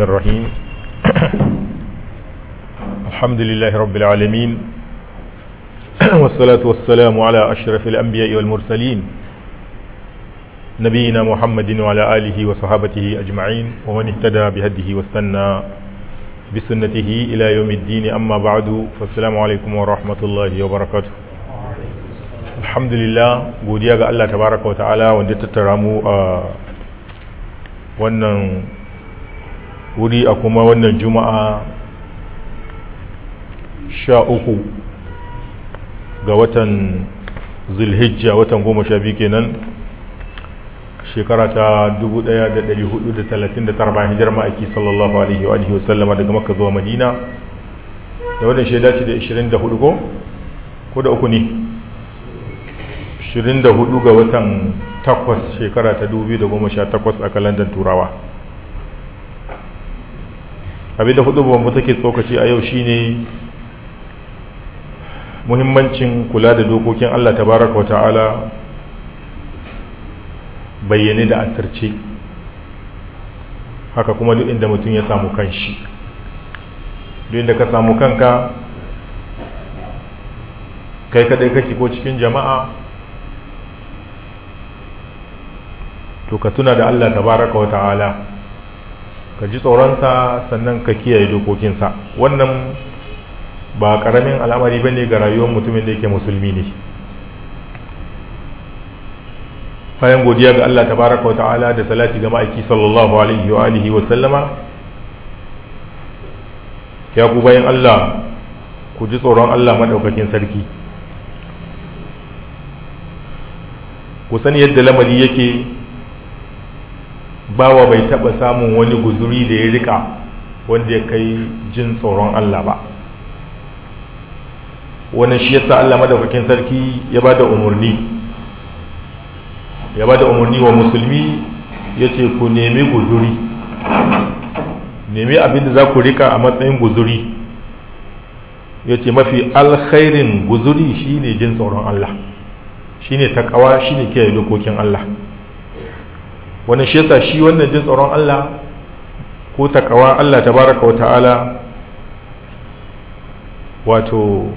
الرحمن الرحيم الحمد لله رب العالمين والصلاة والسلام على أشرف الأنبياء والمرسلين نبينا محمد وعلى آله وصحابته أجمعين ومن اهتدى بهده واستنى بسنته إلى يوم الدين أما بعد فالسلام عليكم ورحمة الله وبركاته الحمد لله godiya الله تبارك وتعالى wa ta'ala wanda tattara wuri a kuma wannan juma'a sha uku ga watan zulhijja watan goma sha biyu kenan shekara ta 1439 bayan hijar ma'aiki sallallahu alaihi wa sallama, daga Makka zuwa madina da wadda shaida ce da 24 ko? ko da uku ne 24 ga watan 8 shekara ta 2018 a kalandar turawa abinda hudu mu take tsokaci a yau shine muhimmancin kula da dokokin Allah tabaraka wa ta'ala bayyane da asirce haka kuma duk inda mutum ya samu kanshi duk inda ka samu kanka kai kadai kake ko cikin jama'a to ka tuna da Allah tabaraka wa ta'ala ka ji tsoronsa sannan ka kiyaye dokokinsa wannan ba karamin al'amari ba ne ga rayuwar mutumin da yake musulmi ne bayan godiya ga Allah tabaraka wa ta'ala da salati ga ma'aiki sallallahu alaihi wa alihi wa sallama ya ku bayan Allah ku ji tsoron Allah madaukakin sarki ku sani yadda lamari yake bawa bai taba samun wani guzuri da ya rika wanda ya kai jin tsoron Allah ba wannan shi yasa Allah madaukakin sarki ya bada umurni ya bada umurni wa musulmi ya ce ku nemi guzuri nemi abin da za ku rika a matsayin guzuri ce mafi alkhairin guzuri shine jin tsoron Allah shine takawa shine kiyaye dokokin Allah wannan shi yasa shi wannan jin tsoron Allah ko takawa Allah tabaraka wata'ala wato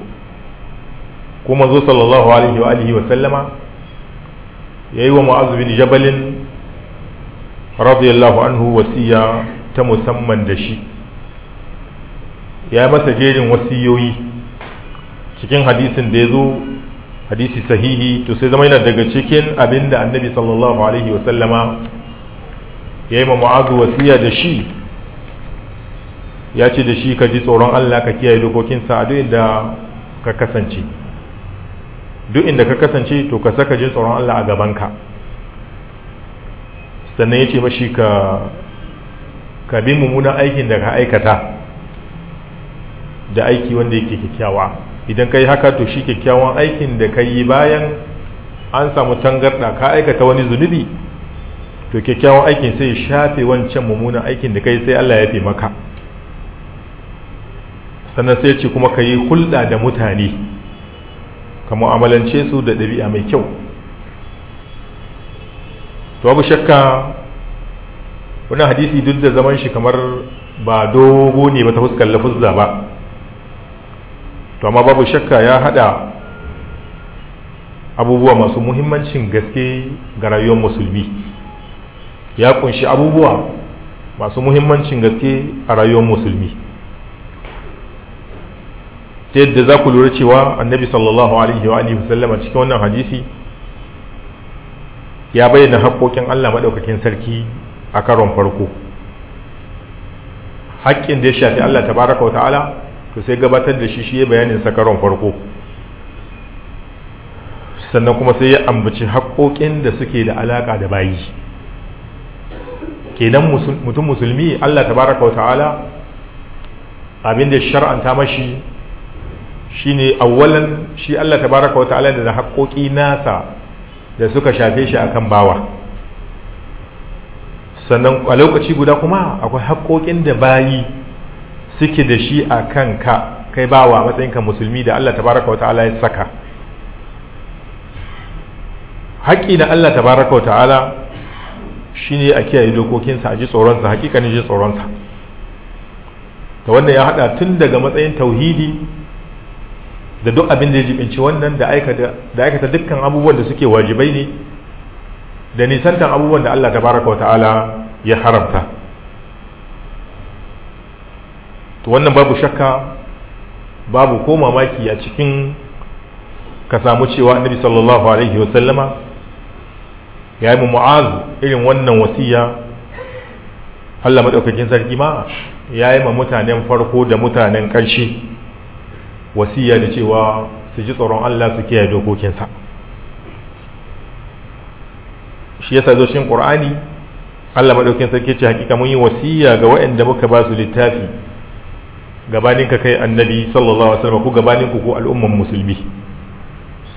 kuma zo sallallahu alaihi wa alihi wa sallama yayi wa mu'az bin jabalin radiyallahu anhu wasiya ta musamman da shi ya masa jerin wasiyoyi cikin hadisin da ya zo hadisi sahihi to sai zama yana daga cikin abin da annabi sallallahu alaihi wasallama ya yi ma mu'azu wasiya da shi ya ce da shi ka ji tsoron Allah ka kiyaye dokokinsa a duk inda ka kasance duk inda ka kasance to ka saka jin tsoron Allah a gabanka sannan ya ce mashi ka ka bi mummunan aikin da ka aikata da aiki wanda yake kyakkyawa idan ka yi haka to shi kyakkyawan aikin da ka yi bayan an samu tangarɗa ka aikata wani zunubi to kyakkyawan aikin sai shafe wancan mummunan aikin da kai sai Allah ya fi maka sannan sai ce kuma ka yi hulɗa da mutane ka mu'amalance su da ɗabi'a mai kyau to abu shakka wani hadisi duk da zaman shi kamar ba dogo ne ba ta fuskar lafuzza ba to amma babu shakka ya hada abubuwa masu muhimmancin gaske ga rayuwar musulmi ya kunshi abubuwa masu muhimmancin gaske a rayuwar musulmi ta yadda za ku lura cewa annabi sallallahu alaihi wa alihi wasallama cikin wannan hadisi ya bayyana haƙoƙin Allah maɗaukakin sarki a karon farko haƙƙin da ya shafi Allah tabaraka wa ta'ala to sai gabatar da shi shi ya bayanin sakaron farko sannan kuma sai ya ambaci haƙoƙin da suke da alaƙa da bayi kenan mutum musulmi Allah tabaraka wa ta'ala abin da shar'anta mashi shine awwalan shi Allah tabaraka wa ta'ala da haƙoƙi nasa da suka shafe shi akan bawa sannan a lokaci guda kuma akwai haƙoƙin da bayi suke da shi a kanka kai bawa matsayinka musulmi da Allah tabaraka wa ta'ala ya saka haƙi na Allah tabaraka wa ta'ala shine a kiyaye dokokinsa a ji tsoronsa hakikanin ji tsoronsa ta wannan ya haɗa tun daga matsayin tauhidi da duk abin da ya jibinci wannan da aikata dukkan abubuwan da suke wajibai ne da nisantan abubuwan da Allah tabaraka wa ta'ala ya haramta to wannan babu shakka babu ko mamaki a cikin ka samu cewa annabi sallallahu alaihi wasallama ya yi mu'az irin wannan wasiya Allah madaukakin sarki ma ya yi ma mutanen farko da mutanen ƙarshe wasiya da cewa su ji tsoron Allah su kiyaye dokokinsa shi yasa zo shin Qur'ani Allah madaukakin sarki ce hakika mun yi wasiya ga waɗanda muka ba su littafi gabanin ka kai annabi sallallahu alaihi wasallam ko gabanin ku ko al'umman musulmi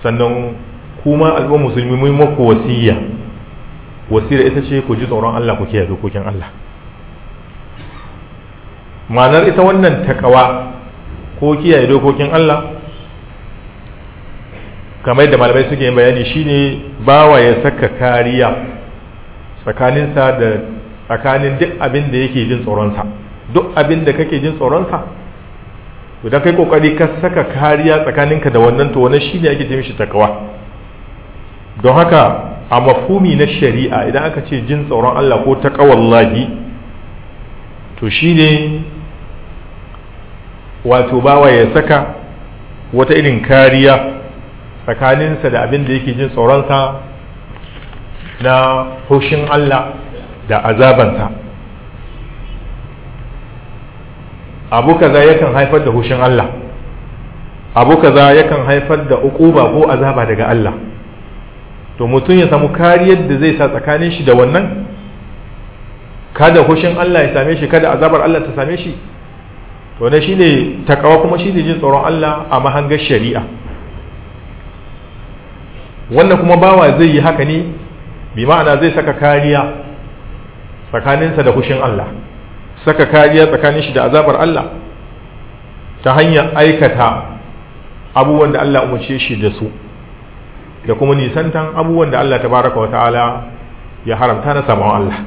sannan kuma al'umman musulmi mun muku wasiya wasiya ita ce ku ji tsoron Allah ku kiyaye dokokin Allah ma'anar ita wannan takawa ko kiyaye dokokin Allah kamar da malamai suke yin bayani shine bawa ya saka kariya tsakaninsa da tsakanin duk abin da yake jin tsoronsa duk abin da kake jin tsoronsa to da kai kokari ka saka kariya tsakaninka da wannan to wannan shine ake ce mishi takawa don haka a mafhumi na shari'a idan aka ce jin tsoron Allah ko taqawallahi to shine wato bawa ya saka wata irin kariya tsakaninsa da abin da yake jin tsoronsa na hoshin Allah da azabansa abu kaza yakan haifar da hushin Allah abu kaza yakan haifar da ukuba ko azaba daga Allah to mutum ya samu kariyar da zai sa tsakanin shi da wannan kada hushin Allah ya same shi kada azabar Allah ta same shi to ne shine takawa kuma shine jin tsoron Allah a mahangar shari'a wannan kuma bawa zai yi haka ne bi ma'ana zai saka kariya tsakaninsa da hushin Allah saka kariya tsakanin shi da azabar Allah ta hanyar aikata abubuwan da Allah umarce shi da su da kuma nisantan abubuwan da Allah tabaraka wa ta'ala ya haramta na samun Allah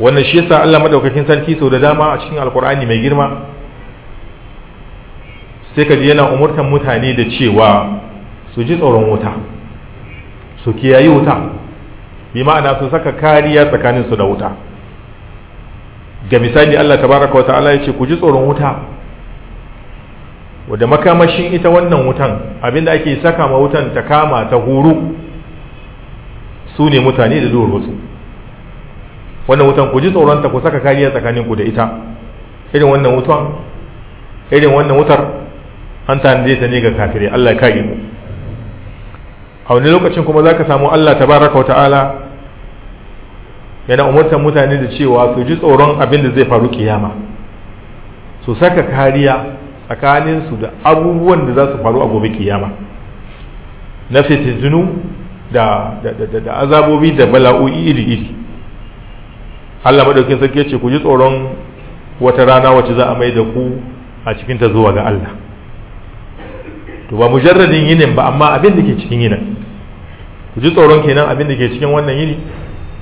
wannan shi yasa Allah madaukakin sarki sau da dama a cikin alkur'ani mai girma sai ka ji yana umurtan mutane da cewa su ji tsoron wuta su kiyayi wuta bi ma'ana su saka kariya tsakaninsu da wuta ga misali Allah tabaraka wa ta'ala yace ku ji tsoron wuta wadda makamashin ita wannan wutan abinda ake saka ma wutan ta kama ta huru su ne mutane da duwar wasu wannan wutan ku ji tsoronta ku saka kariya tsakanin ku da ita irin wannan wutan irin wannan wutar an tanade ta ne ga kafirai Allah ya kare mu a wani lokacin kuma zaka samu Allah tabaraka wa ta'ala yana umurtar mutane da cewa su ji tsoron abin da zai faru kiyama su saka kariya tsakaninsu da abubuwan da za su faru a gobe kiyama na fitintunu da azabobi da bala'o'i iri-iri Allah madaukin sarki ya ce ku ji tsoron wata rana wacce za a mai da ku a cikin ta zuwa ga Allah to ba mujarradin yinin ba amma abin da ke cikin yinin ku ji tsoron kenan abin da ke cikin wannan yini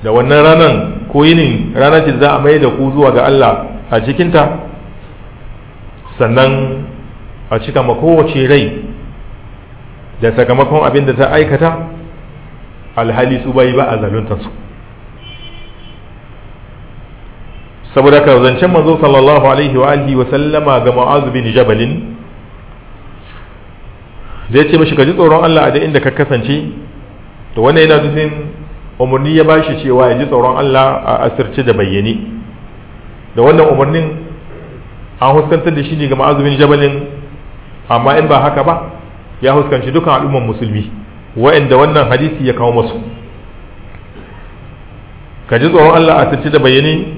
da wannan ranan ko yinin ranar ce za a mai da ku zuwa ga Allah a cikinta sannan a cika ma kowace rai da sakamakon abin da ta aikata alhali su bai ba a zaluntansu saboda ka zancen manzo sallallahu alaihi wa alihi wa sallama ga mu'azu bin jabalin zai ce mashi ka ji tsoron Allah a da inda ka kasance to wannan yana nufin umarni ya bashi cewa ya ji tsoron Allah a asirce da bayyane da wannan umarnin an huskantar da shi ne ga ma'azumin jabalin amma in ba haka ba ya huskanci dukan al'umman musulmi wa'anda wannan hadisi ya kawo masu ka ji tsoron Allah a asirce da bayyane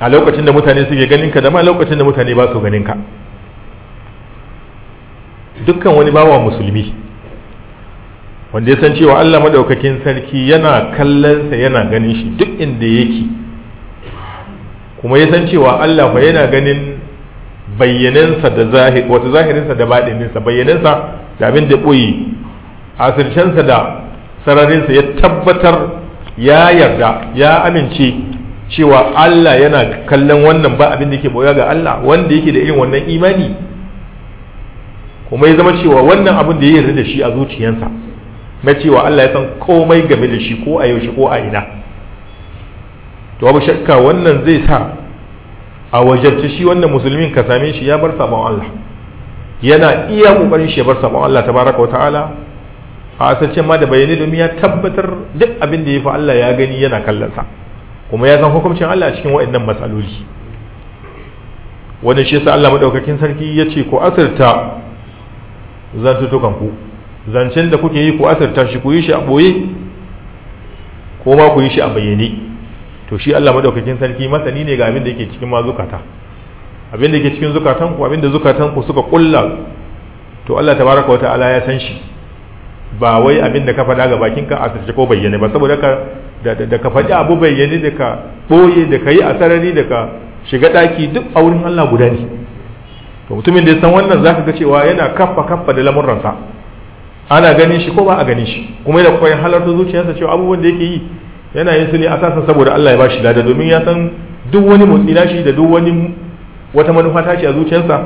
a lokacin da mutane suke ganin ka da ma lokacin da mutane ba su ganin ka dukkan wani bawa musulmi wanda ya san cewa Allah maɗaukakin sarki yana kallon sa yana ganin shi duk inda yake kuma ya san cewa Allah fa yana ganin bayyanansa da zahir wato zahirinsa da baɗininsa bayyanansa da abin da ɓoye asircensa da sararinsa ya tabbatar ya yarda ya amince cewa Allah yana kallon wannan ba abin da yake boya ga Allah wanda yake da irin wannan imani kuma ya zama cewa wannan abin da ya yarda da shi a zuciyarsa na cewa Allah ya san komai game da shi ko a yaushe ko a ina to babu shakka wannan zai sa a wajabta shi wannan musulmin ka same shi ya bar sabon Allah yana iya kokarin shi ya bar sabon Allah tabaraka wa ta'ala a asalcin ma da bayani domin ya tabbatar duk abin da ya fi Allah ya gani yana kallon sa kuma ya san hukuncin Allah cikin waɗannan matsaloli wanda shi yasa Allah madaukakin sarki ya ce ko asirta zantutukan ku zancen da kuke yi ku asirta shi ku yi shi a ɓoye ko ma ku yi shi a bayyane to shi Allah madaukakin sarki masani ne ga abin da yake cikin ma zukata abin da yake cikin zukatan ku abin da zukatan ku suka kulla to Allah tabaraka wa ta'ala ya san shi ba wai abin da ka faɗa ga bakin ka asirce ko bayyane ba saboda ka da ka faɗi abu bayyane da ka ɓoye da ka yi a sarari da ka shiga ɗaki duk a wurin Allah guda ne to mutumin da ya san wannan zaka ga cewa yana kaffa kaffa da lamurransa ana ganin shi ko ba a ganin shi kuma yana koyon halarta zuciyarsa cewa abubuwan da yake yi yana yin su ne a sasa saboda Allah ya bashi lada domin ya san duk wani motsi shi da duk wani wata manufa tashi a zuciyarsa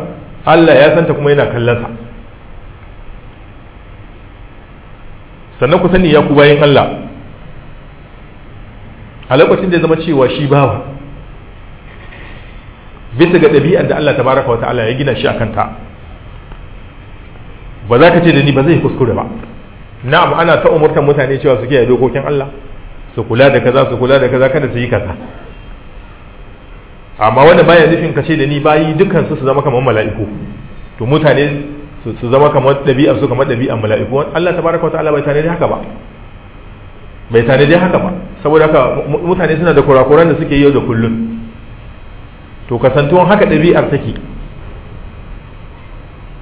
Allah ya santa kuma yana kallon sa. sannan ku sani ya ku bayin Allah a lokacin da ya zama cewa shi bawa bisa ga ɗabi'ar da Allah baraka wa ta'ala ya gina shi a kanta ba za ka ce da ni ba zai kuskure ba na'am ana ta umurtan mutane cewa su kiyaye dokokin Allah su kula da kaza su kula da kaza kada su yi kaza amma wanda baya nufin ka ce da ni bayi dukkan su su zama kamar mala'iku to mutane su zama kamar ɗabi'a su kamar ɗabi'an mala'iku Allah tabaraka wa ta'ala bai tare da haka ba bai tare da haka ba saboda haka mutane suna da kurakuran da suke yau da kullun to kasantuwan haka ɗabi'ar take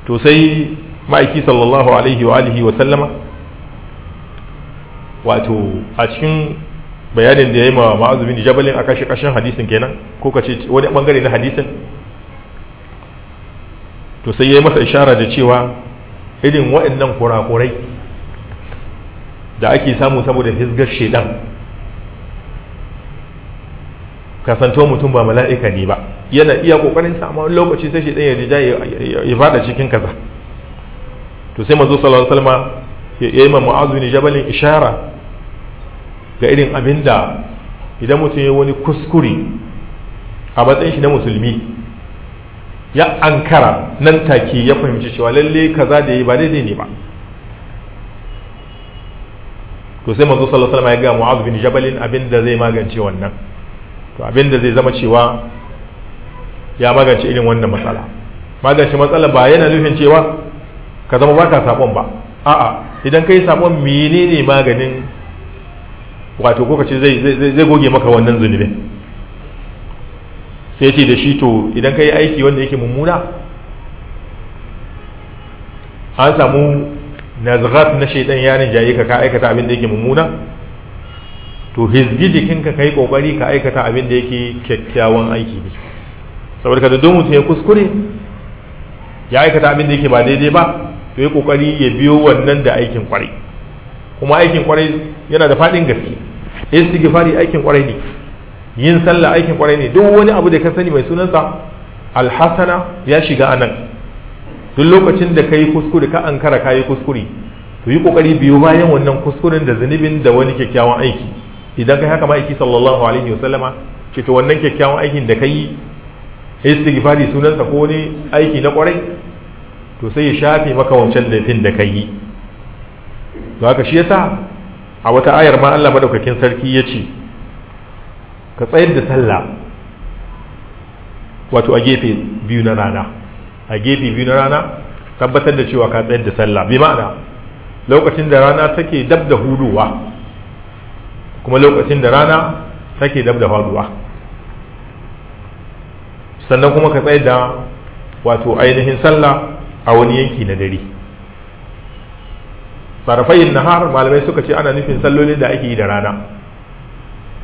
to sai ma'aiki sallallahu alaihi wa alihi wa sallama wato a cikin bayanin da ya yi ma ma'azu bin jabalin a kashe kashen hadisin kenan ko kace wani bangare na hadisin to sai ya yi masa ishara da cewa irin waɗannan kurakurai da ake samu saboda hizgar shaidan kasanto mutum ba mala'ika ne ba yana iya kokarin samun lokaci sai ɗaya ya rija ya fada cikin kaza to sai manzo sallallahu alaihi wasallam ya yi ma mu'az bin jabalin ishara ga irin abinda idan mutum ya wani kuskure a matsayin shi na musulmi ya ankara nan take ya fahimci cewa lalle kaza da yi ba daidai ne ba to sai manzo sallallahu alaihi wasallam ya ga mu'az bin jabalin abinda zai magance wannan to abinda zai zama cewa ya magance irin wannan matsala magance matsala ba yana nufin cewa ka zama baka sabon ba a'a idan kai sabon menene maganin wato ko kace zai zai goge maka wannan zunubi sai ce da shi to idan kai aiki wanda yake mummuna an samu nazgat na shaidan yarin jaye ka ka aikata abin da yake mummuna to hizgi ka kai kokari ka aikata abin da yake kyakkyawan aiki ne saboda ka da mutum ya kuskure ya aikata abin da yake ba daidai ba to yi kokari ya biyo wannan da aikin kwarai kuma aikin kwarai yana da fadin gaske istighfari aikin kwarai ne yin sallah aikin kwarai ne duk wani abu da ka sani mai sunansa alhasana ya shiga anan duk lokacin da kai kuskure ka ankara kai kuskure to yi kokari biyo bayan wannan kuskuren da zunubin da wani kyakkyawan aiki idan kai haka ma'aiki sallallahu alaihi wasallama ce to wannan kyakkyawan aikin da ka kai istighfari sunansa ko wani aiki na kwarai to sai ya shafe maka wancan laifin da ka yi to haka shi yasa a wata ayar ma Allah madaukakin sarki ya ce ka tsayar da sallah wato a gefe biyu na rana a gefe biyu na rana tabbatar da cewa ka tsayar da sallah bi ma'ana lokacin da rana take dab da huduwa kuma lokacin da rana take dab da faduwa sannan kuma ka tsayar da wato ainihin sallah a wani yanki na dare sarafayin nahar malamai suka ce ana nufin salloli da ake yi da rana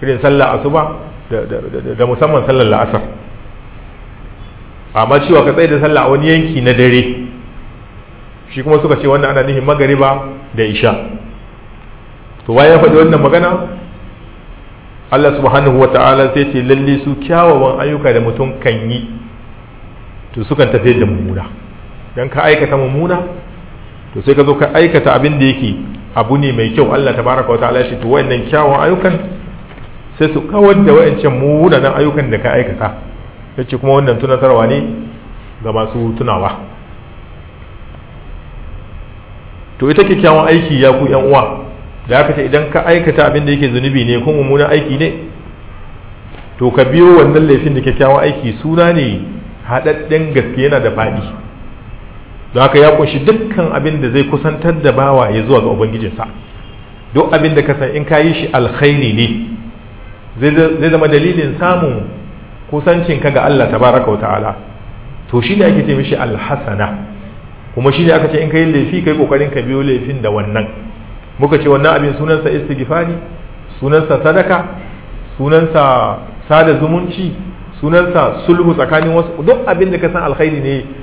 irin sallah asuba da musamman sallar la'asar amma cewa ka tsaye da sallah a wani yanki na dare shi kuma suka ce wannan ana nufin magariba da isha to wa ya faɗi wannan magana Allah subhanahu wa ta'ala sai ce lalle su kyawawan ayyuka da mutum kan yi to sukan tafi da mummuna dan ka aikata mummuna to sai ka zo ka aikata abin da yake abu ne mai kyau Allah tabaraka wa ta'ala shi to wayannan kyawun ayyukan sai su kawar da wayancan munanan ayyukan da ka aikata yace kuma wannan tunatarwa ne ga masu tunawa to ita kyakkyawan aiki ya ku yan uwa da haka ce idan ka aikata abin da yake zunubi ne ko mummunan aiki ne to ka biyo wannan laifin da kyakkyawan aiki suna ne haɗaɗɗen gaske yana da faɗi don haka ya kunshi dukkan abin da zai kusantar da bawa ya zuwa ga ubangijinsa duk abin da ka san in ka yi shi alkhairi ne zai zama dalilin samun kusancinka ga Allah tabaraka wa ta'ala to shi ne ake ce mishi alhasana kuma shi ne aka ce in ka yi laifi kai kokarin ka biyo laifin da wannan muka ce wannan abin sunansa istighfari sunansa sadaka sunansa sada zumunci sunansa sulhu tsakanin wasu duk abin da ka san alkhairi ne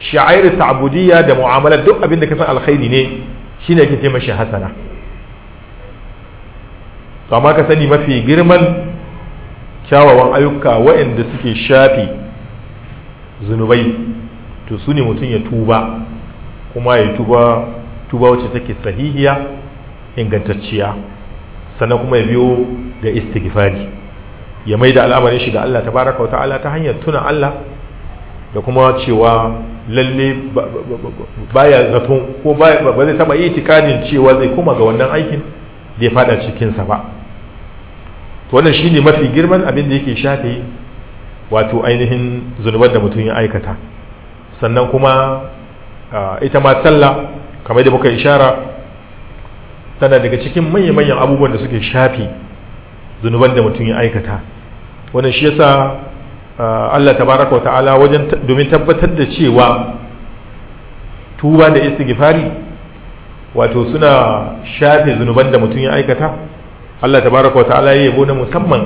ta ta'budiyya da mu'amala duk abin da ka san alkhairi ne shine ake ce shi hasana to amma ka sani mafi girman kyawawan ayyuka waɗanda suke shafi zunubai to su ne mutum ya tuba kuma ya tuba tuba wacce take sahihiya ingantacciya sannan kuma ya biyo da istighfari ya mai da al'amarin shi ga Allah tabaraka wa ta'ala ta hanyar tuna Allah da kuma cewa lalle baya zaton ko ba zai taba itikadin cewa zai koma ga wannan aikin da ya fada cikinsa ba to wannan shi ne mafi girman abin da yake shafe wato ainihin zunubar da mutum ya aikata sannan kuma ita ma sallah kamar da muka ishara tana daga cikin manya-manyan abubuwan da suke shafe zunubar da mutum ya aikata wannan shi yasa Allah tabaraka wa ta'ala wajen domin tabbatar da cewa tuba da istighfari wato suna shafe zunuban da mutum ya aikata Allah tabaraka wa ta'ala ya yabo na musamman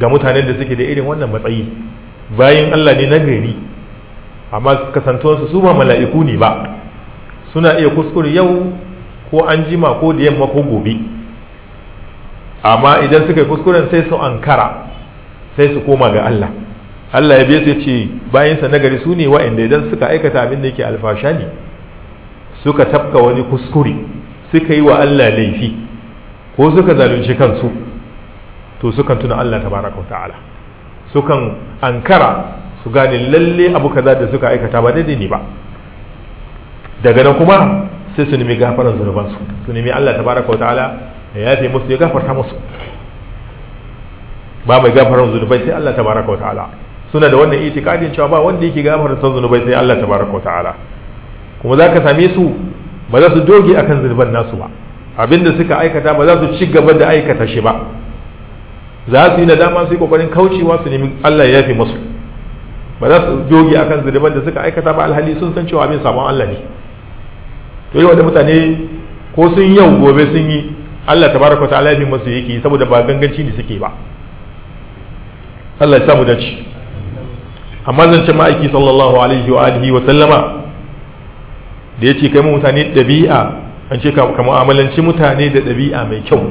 ga mutanen da suke da irin wannan matsayi bayan Allah ne nagari amma kasantuwarsu su ba mala'iku ne ba suna iya kuskure yau ko an jima ko da yamma ko gobe amma idan suka yi kuskuren sai su ankara sai su koma ga Allah Allah ya biya su ce bayansa nagari su ne inda idan suka aikata abin da yake alfasha ne suka tafka wani kuskure suka yi wa Allah laifi ko suka zalunci kansu to sukan tuna Allah tabaraka ta'ala sukan ankara su gane lalle abu kaza da suka aikata ba daidai ne ba daga nan kuma sai su nemi gafaran zunubansu su nemi Allah tabaraka ta'ala ya yafe musu ya gafarta musu ba mai gafarar zunubai sai Allah tabaraka wa ta'ala suna da wannan itikadin cewa ba wanda yake gafarar san zunubai sai Allah tabaraka wa ta'ala kuma za ka same su ba za su doge akan zunuban nasu ba abinda suka aikata ba za su ci gaba da aikata shi ba za su yi nadama su yi kokarin kaucewa su nemi Allah ya yafe musu ba za su doge akan zunuban da suka aikata ba alhali sun san cewa abin sabon Allah ne to yau da mutane ko sun yau gobe sun yi Allah tabaraka wa ta'ala ya yi musu yake saboda ba ganganci ne suke ba Allah ya samu dace amma ce ma'aiki sallallahu alaihi wa alihi wa sallama da ya ce kai mutane ɗabi'a an ce ka mu'amalanci mutane da ɗabi'a mai kyau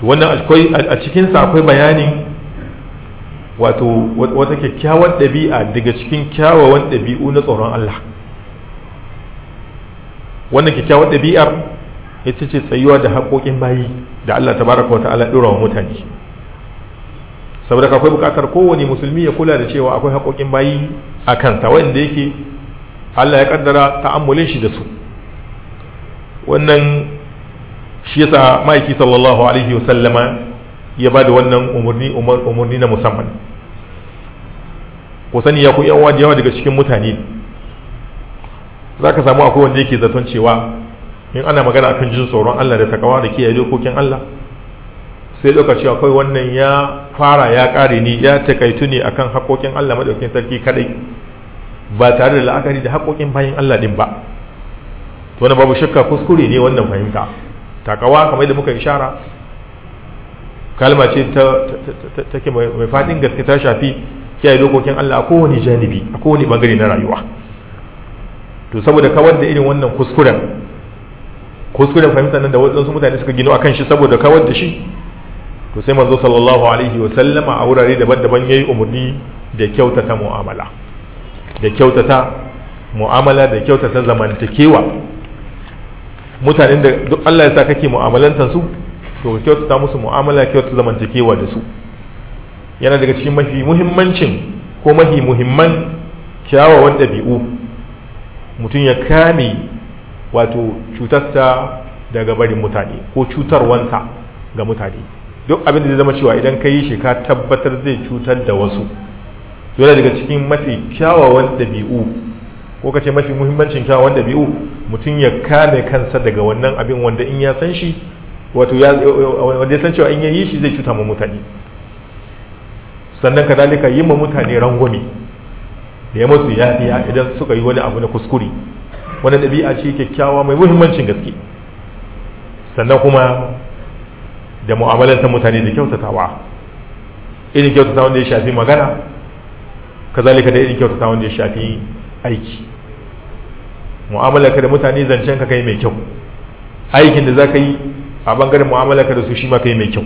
to wannan akwai a cikin sa akwai bayanin wato wata kyakkyawar ɗabi'a daga cikin kyawawan ɗabi'u na tsoron Allah wannan kyakkyawar ɗabi'ar ita ce tsayuwa da haƙoƙin bayi da Allah tabaraka wa ta'ala ɗora wa mutane saboda akwai bukatar kowane musulmi ya kula da cewa akwai haƙoƙin bayi a kansa wanda yake Allah ya kaddara ta'ammulin shi da su wannan shi yasa ma'aiki sallallahu alaihi wa sallama ya bada wannan umarni umarni na musamman ku sani ya ku yawa da yawa daga cikin mutane za ka samu akwai wanda yake zaton cewa in ana magana akan jin tsoron Allah da takawa da kiyaye dokokin Allah sai lokaci akwai wannan ya fara ya ƙare ni ya takaitu ne akan haƙoƙin Allah madaukakin sarki kadai ba tare da la'akari da haƙoƙin bayin Allah din ba to wannan babu shakka kuskure ne wannan fahimta takawa kamar da muka ishara kalma ce ta take mai fadin gaske ta shafi kiyaye dokokin Allah a kowane janibi a kowane bangare na rayuwa to saboda kawar da irin wannan kuskuren kuskuren fahimtar nan da wasu mutane suka gino akan shi saboda kawar da shi to sai manzo sallallahu alaihi wa sallama a wurare daban-daban yayi umurni da kyautata mu'amala da kyautata mu'amala da kyautata zamantakewa mutanen da duk Allah ya sa kake mu'amalantar su to kyautata musu mu'amala kyautata zamantakewa da su yana daga cikin mafi muhimmancin ko mafi muhimman kyawawan ɗabi'u mutum ya kame wato cutarta daga barin mutane ko cutarwansa ga mutane duk abin da zai zama cewa idan ka yi shi ka tabbatar zai cutar da wasu yana daga cikin mafi kyawawan ɗabi'u ko ka ce mafi muhimmancin kyawawan ɗabi'u mutum ya kame kansa daga wannan abin wanda in ya san shi wato wanda ya san cewa in ya yi shi zai cuta ma mutane sannan kadalika yi ma mutane rangwame da ya musu yafiya idan suka yi wani abu na kuskure wani ɗabi'a ce kyakkyawa mai muhimmancin gaske sannan kuma da mu'amalantar mutane da kyautatawa irin kyautata wanda ya shafi magana kazalika da irin kyautata wanda ya shafi aiki mu'amalarka da mutane zancen ka kai mai kyau aikin da za ka yi a bangaren mu'amalarka da su shi ma kai mai kyau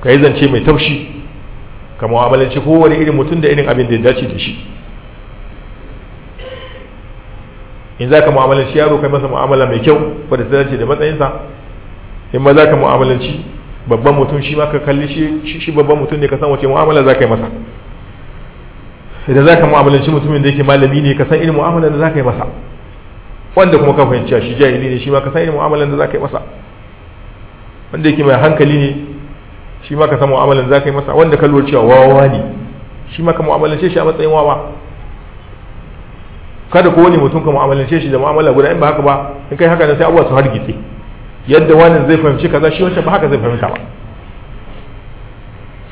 ka yi zance mai taushi ka mu'amalanci kowane irin mutum da irin abin da ya dace da shi in za ka mu'amalanci yaro kai masa mu'amala mai kyau wadda ta dace da matsayinsa in ma za ka mu'amalanci babban mutum shi ma ka kalli shi babban mutum ne ka san wace mu'amala za ka yi masa idan za ka mu'amalanci mutumin da yake malami ne ka san irin mu'amala da za ka yi masa wanda kuma ka fahimci shi jahili ne shi ma ka san irin mu'amalan da za ka yi masa wanda yake mai hankali ne shi ma ka san mu'amalan da za ka yi masa wanda ka lura cewa wawa ne shi ma ka mu'amalanci shi a matsayin wawa kada ko wani mutum ka mu'amalance shi da mu'amala guda in ba haka ba in kai haka ne sai abuwa su hargitse yadda wani zai fahimci kaza shi wancan ba haka zai fahimta ba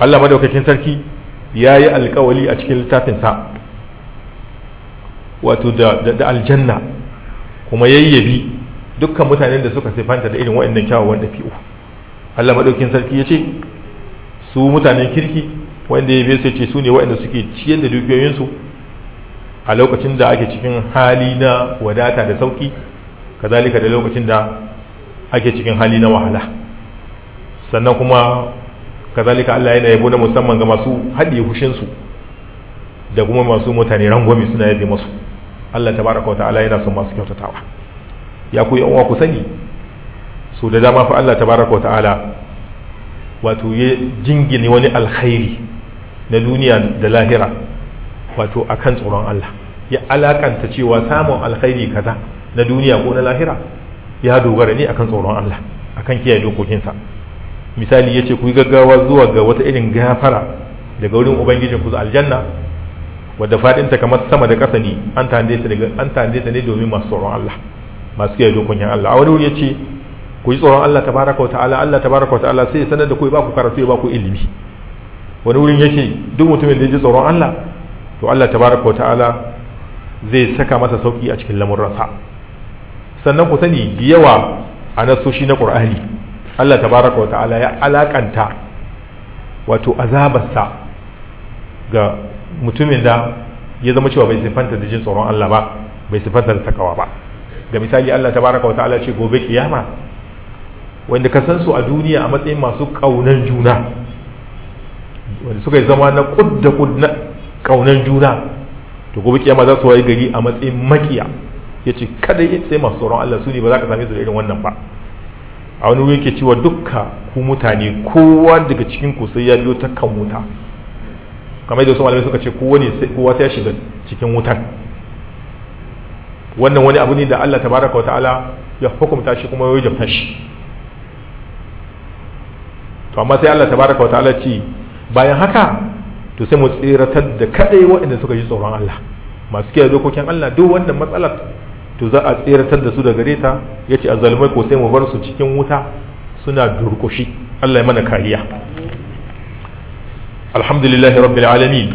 Allah madaukakin sarki ya yi alkawali a cikin littafinsa wato da aljanna kuma yayyabi dukkan mutanen da suka sifanta da irin waɗannan kyawawan fi'u Allah madaukakin sarki ya ce su mutanen kirki wanda ya bai sai ce su ne waɗanda suke ciyar da dukiyoyinsu a lokacin da ake cikin hali na wadata da sauki kazalika da lokacin da ake cikin hali na wahala sannan kuma kazalika Allah yana yabo na musamman ga masu haɗe hushinsu da kuma masu mutane rangwami suna yabe masu Allah tabaraka wata'ala yana son masu kyautatawa ya ku yan ku sani so da dama fa Allah tabaraka ta'ala wato ya jingine wani alkhairi na duniya da lahira wato akan tsoron Allah ya alakanta cewa samun alkhairi kaza na duniya ko na lahira ya dogara ne akan tsoron Allah akan kiyaye dokokinsa misali yace ku yi gaggawa zuwa ga wata irin gafara daga wurin ku zuwa aljanna wadda fadinta kamar sama da ƙasa ne an tande ta daga an tande ta ne domin masu tsoron Allah masu kiyaye dokokin Allah a wani wuri yace ku yi tsoron Allah tabaraka ta'ala Allah tabaraka ta'ala sai sanar da ku ba ku karatu ba ku ilimi wani wurin yace duk mutumin da ya ji tsoron Allah to Allah tabaraka ta'ala zai saka masa sauki a cikin lamurransa sannan ku sani da yawa a nasoshi na ƙur'ani Allah baraka wa ta'ala ya alakanta wato azabarsa ga mutumin da ya zama cewa bai siffanta da jin tsoron Allah ba bai sifanta da takawa ba ga misali Allah baraka wa ta'ala ce gobe kiyama wanda ka san su a duniya a matsayin masu ƙaunar juna wanda suka yi zama na kud da na juna to gobe kiyama za su waye gari a matsayin makiya ya ce kada sai masu tsoron Allah su ne ba za ka same su da irin wannan ba a wani wuri ke cewa dukka ku mutane kowa daga cikin ku sai ya biyo ta kan wuta kamar yadda wasu malamai suka ce kowa ne kowa sai ya shiga cikin wutan wannan wani abu ne da Allah tabaraka wa ta'ala ya hukumta shi kuma ya wajabta shi to amma sai Allah tabaraka wa ta'ala ce bayan haka to sai mu tsiratar da kadai waɗanda suka ji tsoron Allah masu kiyaye dokokin Allah duk wanda matsalar to za a tseratar da su daga gare ta yace azalmai ko sai mu bar su cikin wuta suna durkushi Allah ya mana kariya alhamdulillahi rabbil alamin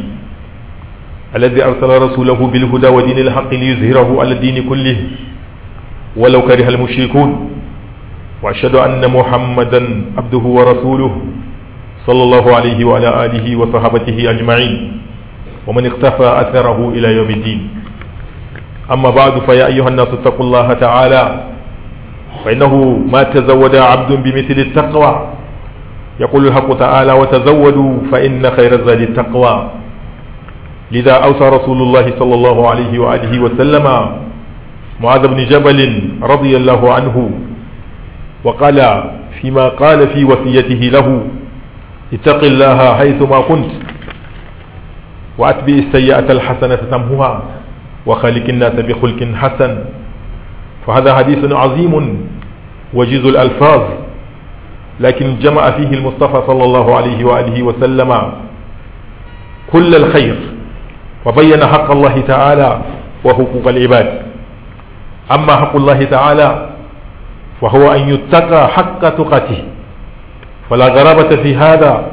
الذي أرسل رسوله بالهدى ودين الحق ليظهره على الدين كله ولو كره المشركون وأشهد أن محمدا عبده ورسوله صلى الله عليه وعلى آله وصحابته أجمعين ومن اقتفى أثره إلى يوم الدين أما بعد فيا أيها الناس اتقوا الله تعالى فإنه ما تزود عبد بمثل التقوى يقول الحق تعالى وتزودوا فإن خير الزاد التقوى لذا أوصى رسول الله صلى الله عليه وآله وسلم معاذ بن جبل رضي الله عنه وقال فيما قال في وصيته له اتق الله حيثما كنت واتبع السيئة الحسنة تمهها وخالق الناس بخلق حسن فهذا حديث عظيم وجيز الألفاظ لكن جمع فيه المصطفى صلى الله عليه وآله وسلم كل الخير وبين حق الله تعالى وحقوق العباد أما حق الله تعالى فهو أن يتقى حق تقته فلا غرابة في هذا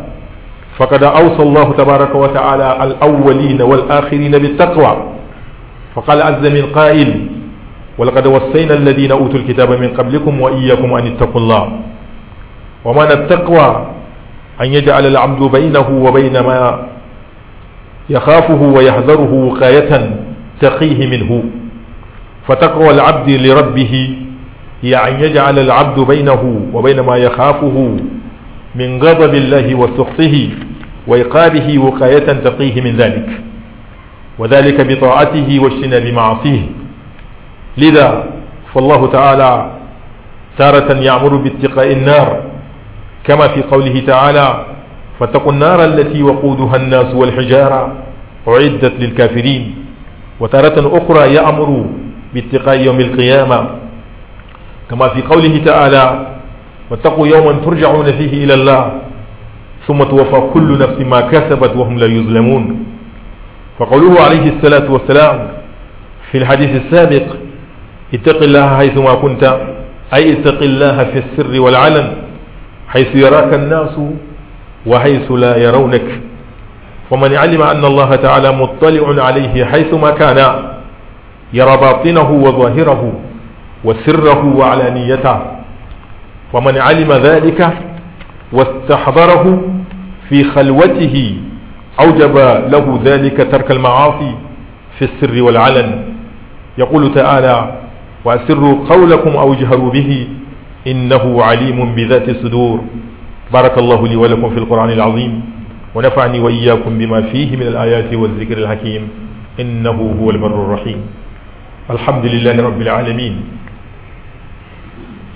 فقد أوصى الله تبارك وتعالى الأولين والآخرين بالتقوى فقال عز من قائل ولقد وصينا الذين أوتوا الكتاب من قبلكم وإياكم أن اتقوا الله ومعنى التقوى أن يجعل العبد بينه وبين ما يخافه ويحذره وقاية تقيه منه فتقوى العبد لربه هي أن يجعل العبد بينه وبين ما يخافه من غضب الله وسخطه وإيقابه وقاية تقيه من ذلك وذلك بطاعته واجتناب معاصيه لذا فالله تعالى تارة يعمر باتقاء النار كما في قوله تعالى فاتقوا النار التي وقودها الناس والحجارة أعدت للكافرين وتارة أخرى يأمر باتقاء يوم القيامة كما في قوله تعالى واتقوا يوما ترجعون فيه إلى الله ثم توفى كل نفس ما كسبت وهم لا يظلمون فقوله عليه الصلاة والسلام في الحديث السابق اتق الله حيثما كنت أي اتق الله في السر والعلن حيث يراك الناس وحيث لا يرونك ومن علم أن الله تعالى مطلع عليه حيثما كان يرى باطنه وظاهره وسره وعلانيته ومن علم ذلك واستحضره في خلوته أوجب له ذلك ترك المعاصي في السر والعلن يقول تعالى وأسروا قولكم أو اجهروا به إنه عليم بذات الصدور بارك الله لي ولكم في القرآن العظيم ونفعني وإياكم بما فيه من الآيات والذكر الحكيم إنه هو البر الرحيم الحمد لله رب العالمين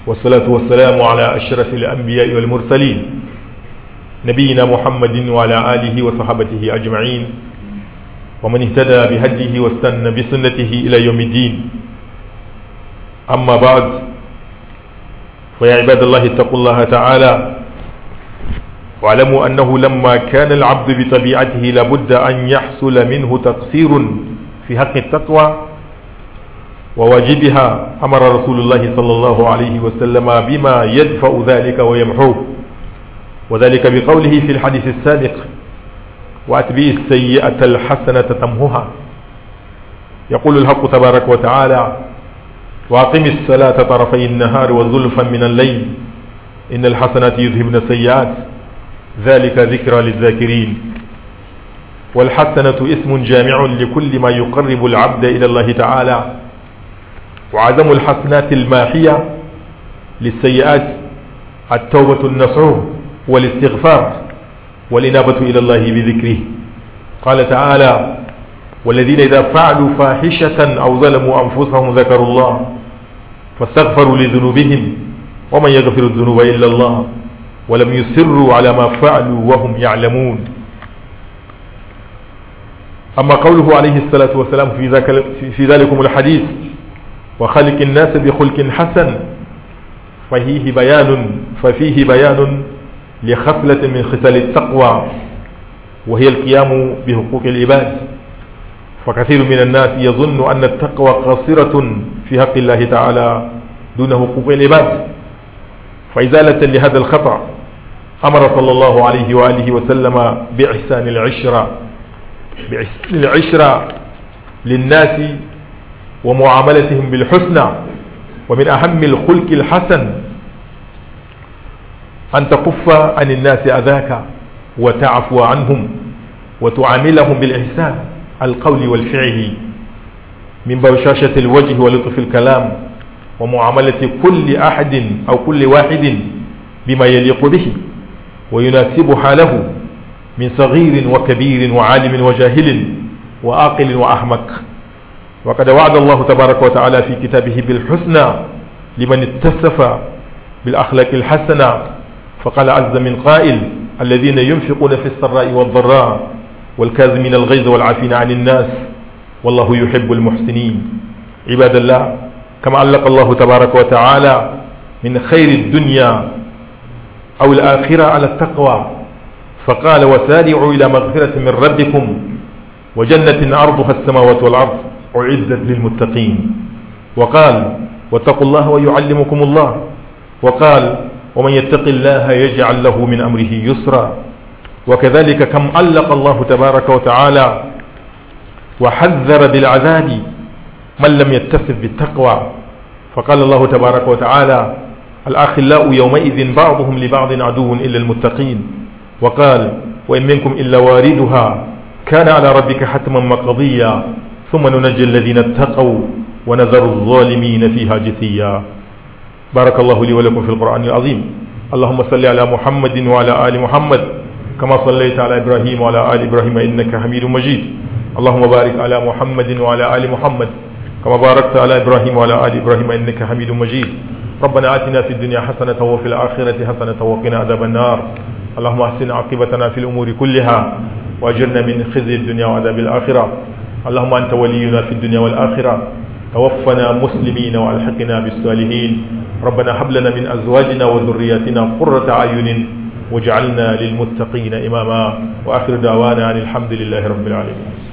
والصلاة والسلام على أشرف الأنبياء والمرسلين نبينا محمد وعلى آله وصحبه أجمعين ومن اهتدى بهديه واستنى بسنته إلى يوم الدين أما بعد فيا عباد الله اتقوا الله تعالى واعلموا أنه لما كان العبد بطبيعته لابد أن يحصل منه تقصير في حق التقوى وواجبها أمر رسول الله صلى الله عليه وسلم بما يدفع ذلك ويمحوه وذلك بقوله في الحديث السابق وأتبئ السيئة الحسنة تمهها يقول الحق تبارك وتعالى وأقم الصلاة طرفي النهار وزلفا من الليل إن الحسنات يذهبن السيئات ذلك ذكرى للذاكرين والحسنة اسم جامع لكل ما يقرب العبد إلى الله تعالى وعدم الحسنات الماحية للسيئات التوبة النصوح والاستغفار والإنابة إلى الله بذكره قال تعالى والذين إذا فعلوا فاحشة أو ظلموا أنفسهم ذكروا الله فاستغفروا لذنوبهم ومن يغفر الذنوب إلا الله ولم يسروا على ما فعلوا وهم يعلمون أما قوله عليه الصلاة والسلام في, في ذلكم الحديث وخلق الناس بخلق حسن فيه بيان ففيه بيان لخصلة من خصال التقوى وهي القيام بحقوق العباد فكثير من الناس يظن أن التقوى قصيرة في حق الله تعالى دون حقوق العباد فإزالة لهذا الخطأ أمر صلى الله عليه وآله وسلم بإحسان العشرة بإحسان العشرة للناس ومعاملتهم بالحسنى ومن أهم الخلق الحسن أن تكف عن الناس أذاك وتعفو عنهم وتعاملهم بالإحسان القول والفعل من بشاشة الوجه ولطف الكلام ومعاملة كل أحد أو كل واحد بما يليق به ويناسب حاله من صغير وكبير وعالم وجاهل وآقل وأحمق وقد وعد الله تبارك وتعالى في كتابه بالحسنى لمن اتصف بالأخلاق الحسنة فقال عز من قائل الذين ينفقون في السراء والضراء والكاظمين الغيظ والعافين عن الناس والله يحب المحسنين عباد الله كما علق الله تبارك وتعالى من خير الدنيا أو الآخرة على التقوى فقال وسارعوا إلى مغفرة من ربكم وجنة عرضها السماوات والأرض أعدت للمتقين وقال واتقوا الله ويعلمكم الله وقال ومن يتق الله يجعل له من أمره يسرا وكذلك كم علق الله تبارك وتعالى وحذر بالعذاب من لم يتصف بالتقوى فقال الله تبارك وتعالى الأخلاء يومئذ بعضهم لبعض عدو إلا المتقين وقال وإن منكم إلا واردها كان على ربك حتما مقضيا ثم ننجي الذين اتقوا ونذر الظالمين فيها جثيا بارك الله لي ولكم في القرآن العظيم اللهم صل على محمد وعلى آل محمد كما صليت على إبراهيم وعلى آل إبراهيم إنك حميد مجيد اللهم بارك على محمد وعلى آل محمد كما باركت على إبراهيم وعلى آل إبراهيم إنك حميد مجيد ربنا آتنا في الدنيا حسنة وفي الآخرة حسنة وقنا عذاب النار اللهم احسن عاقبتنا في الأمور كلها وأجرنا من خزي الدنيا وعذاب الآخرة اللهم أنت ولينا في الدنيا والآخرة توفنا مسلمين وألحقنا بالصالحين ربنا هب لنا من أزواجنا وذرياتنا قرة أعين واجعلنا للمتقين إماما وآخر دعوانا أن الحمد لله رب العالمين